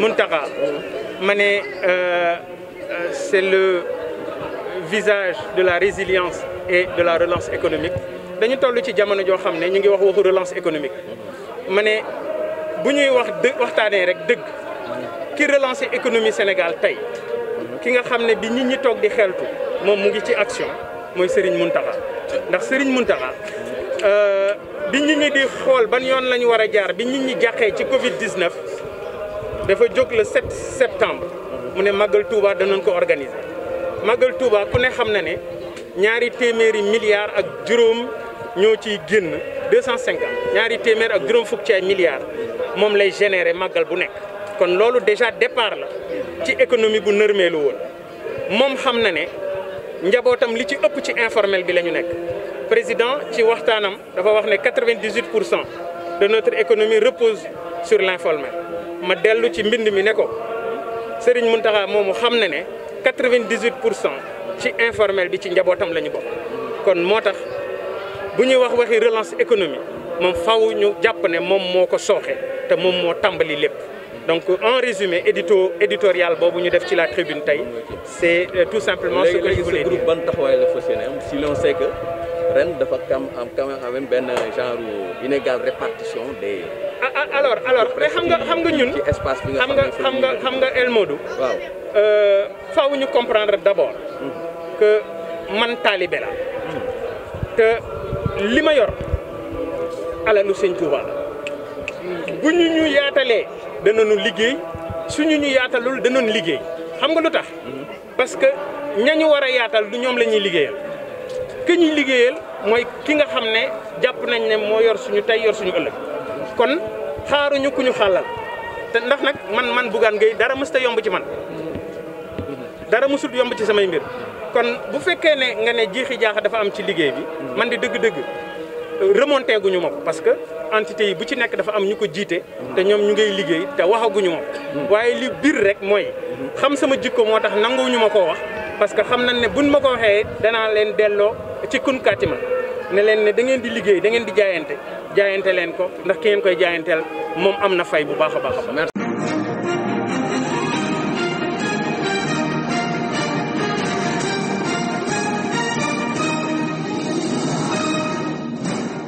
Muntaka ma ne euh, euh, c'est le visage de la résilience et de la relance économique dañu toll ci jamono joo xam ne ñu ngi wax waxu relance économique ma ne bu ñuy wax dë waxtaanee rek dëgg ki relancer économie Sénégal tey ki nga xam ne bi nit ñi toog di xeltu moom mu ngi ci action mooy Serigne Mountakha ndax Serigne Mountakha euh, bi nit ñi di xool ban yoon la ñu war a jaar bi nit ñi jàqee ci Covid 19. dafa jóg le 7 septembre mu ne màggal Touba danañ ko organiser màggal Touba ku ne xam na ne ñaari téeméeri milliards ak juróom ñoo ciy génn 250 ñaari téeméer ak juróom fukk ci ay moom lay générer màggal bu nekk. kon loolu déjà départ la ci économie bu nërmeelu woon moom xam na ne njabootam li ci ëpp ci informel bi la ñu nekk président ci waxtaanam dafa wax ne 98 pour cent de notre économie repose sur l'informel. ma dellu ci mbind mi ne ko Serigne moom moomu xam ne ne quatre vingt dix pour cent ci informel bi ci njabootam la ñu bokk. kon moo tax bu ñuy wax waxi relance économique moom faw ñu jàpp ne moom moo ko sooxe te moom moo tàmbali lépp donc en résumé édito éditorial boobu ñu def ci la tribune tey c'est euh, tout simplement. ce que je voulais ban taxawaay la fas am si l'on sait ren dafa am quand même benn genre inégale répartition des. alors alors mais xam nga xam nga ñun. ci espace bi nga xam nga xam nga xam nga El Modou. Euh, ñu comprendre d' abord. que man taalibe la te li ma yor alalu sëñ Touba la. bu liggéey suñu ñu yaatalul danañu liggéey xam nga lu tax. Mm-hmm. parce que ñañu war a yaatal du ñoom la ñuy liggéeyal. ki ñuy liggéeyal mooy ki nga xam ne jàpp nañ ne moo yor suñu tey yor suñu ëllëg kon xaaruñu ku ñu xàllal te ndax nag man man Bougane Gueye dara mës ta yomb ci man dara mësul yomb ci samay mbir kon bu fekkee ne nga ne jiixi jaaxa dafa am ci liggéey bi man di dëgg-dëgg remonté ma ko parce que entité yi bu ci nekk dafa am ñu ko jiite te ñoom ñu ngay liggéey te waxaguñu ma mm. waaye li biir rek mooy xam sama jikko moo tax ñu ma koo wax parce que xam nañ ne buñ ma ko waxee danaa leen delloo ci kun kàttima ne leen ne da ngeen di liggéey da ngeen di jaayante jaayante leen ko ndax ki ngeen koy jaayanteel moom am na fay bu baax a baax.